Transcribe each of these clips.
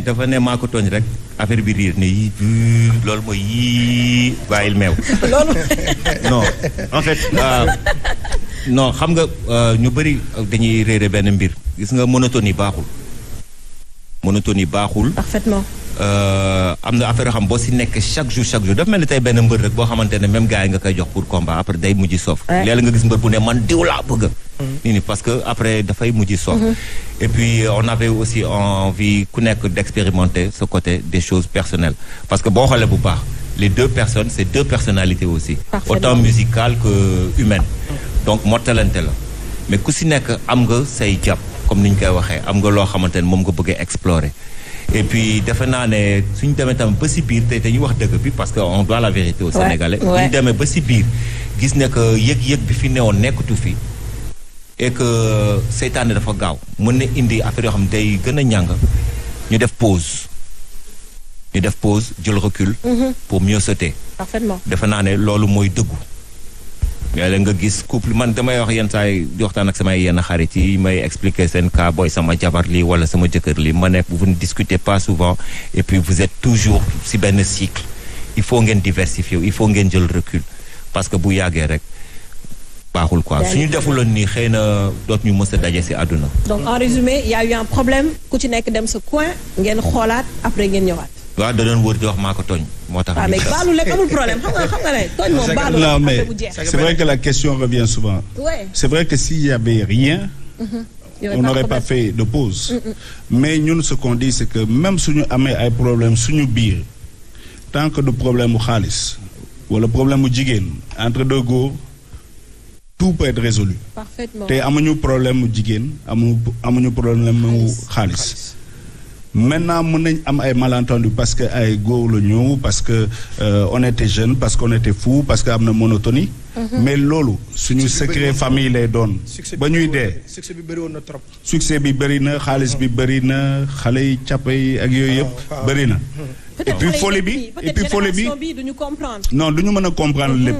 dafa ne maa tooñ rek affaire bi riir ne yii loolu mooy yii bàyyil meew. loolu. non en euh, xam nga euh, ñu bëri dañuy réere benn mbir. gis nga monotonie baaxul. monotonie baaxul. parfaitement. Euh, am na affaire xam boo si nekk chaque jour chaque jour dafa mel ni tey benn mbër rek boo xamante ne même gars yi nga koy jox pour combat après day mujj soof. léeg-léeg nga gis mbër bu ne man diw laa mm-hmm. parce que après dafay mujj soof. Mm-hmm. et puis euh, on avait aussi envie ku nekk d'expérimenter sa côté des choses personnelles parce que boo xoolee bu baax les deux personnes c'est deux personnalités aussi. autant musicale que humaine. Mm-hmm. donc mottalante la mais ku si nekk am nga say jàpp comme ni ñu koy waxee am nga loo xamante ne moom nga bëgg a et puis defe naa ne suñu demee tam ba si biir te dañuy wax dëgg bi parce que on doit la vérité aux Sénégalais demee ba si biir gis ne que yëg-yëg bi fi newoon nekkatu fi et que seytaane dafa gaaw mën na indi affaire yoo xam day gën a ñàng ñu def pause ñu def pause jël recul mhm. pour mieux sauter defe naa ne loolu mooy dëggu léeg-léeg nga gis couple man damay wax yenn saa yi di waxtaan ak samay yenn xarit yi may expliquer seen cas booy sama jabar li wala sama jëkkër li ma nekk vous ne discutez pas souvent et puis vous êtes toujours si benn cycle il faut ngeen diversifier il faut ngeen jël recul parce que bu yàggee rek baaxul quoi suñu defuloon nii xëy na doot ñu mës a daje si àdduna donc en résumé y a problème ku ci nekk dem sa coin ngeen xoolaat après ngeen ñëwaat waa da doon wër di wax maa ko tooñ moo tax. Ah, mais c'est vrai que la question revient souvent. oui c'est vrai que s'il y avait rien. Mm-hmm. on n'aurait pas fait de pause. mais ñun ce qu'on que même suñu amee ay problème suñu biir tant que du problème mu xaalis wala problème mu jigéen entre de góor tout peut être résolu. te amuñu problème mu jigéen amuñu amuñu problème mu xaalis. maintenant mën nañ am ay malentendu parce que ay góor la ñu parce que euh, on était jeune parce que on était fou parce que am na monotonie mm mais loolu suñu secret famille lay doon ba ñuy dee succès bi bëri woon na trop succès bi bëri na xaalis bi bëri na xale yi càppa yi ak yooyu yëpp ah, bëri na et puis bi et puis folie bi non du ñu mën a comprendre mhm. lépp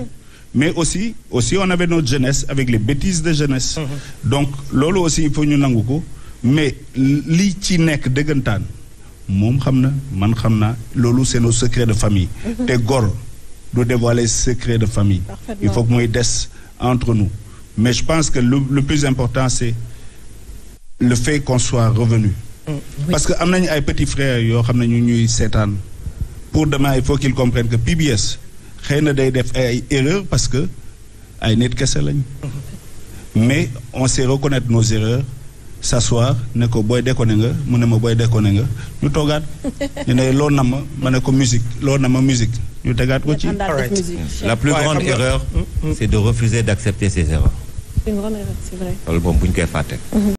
mais aussi aussi on avait notre jeunesse avec les bêtises de jeunesse mhm. donc loolu aussi il ñu nangu ko mais li ci nekk dëggantaan moom xam na man xam na loolu c'est nos secrets de famille. Mhm. te góor du dévoiler secret de famille. il faut que muy des entre nous. mais je pense que le, le plus important c'est le fait qu'on soit revenu. Mm, parce que am nañu ay petits frères yoo xam ne ñu ñuy seetaan pour demain il faut qu'ils comprennent que PBS xëy na day def ay erreurs parce que ay nit kese lañ mm-hmm. mais on sait reconnaître nos erreurs. s'asseoir ne ko booy ne nga mu ne ma booy déconné nga ñu toogaat ñu ne loo na ma ma ne ko musique loo na ma musique ñu tegaat ko ci. la plus grande erreur. Mm, mm. c'est de refuser d'accepter ses erreurs. c'est une grande erreur, c'est ñu koy fàtte. Mm-hmm.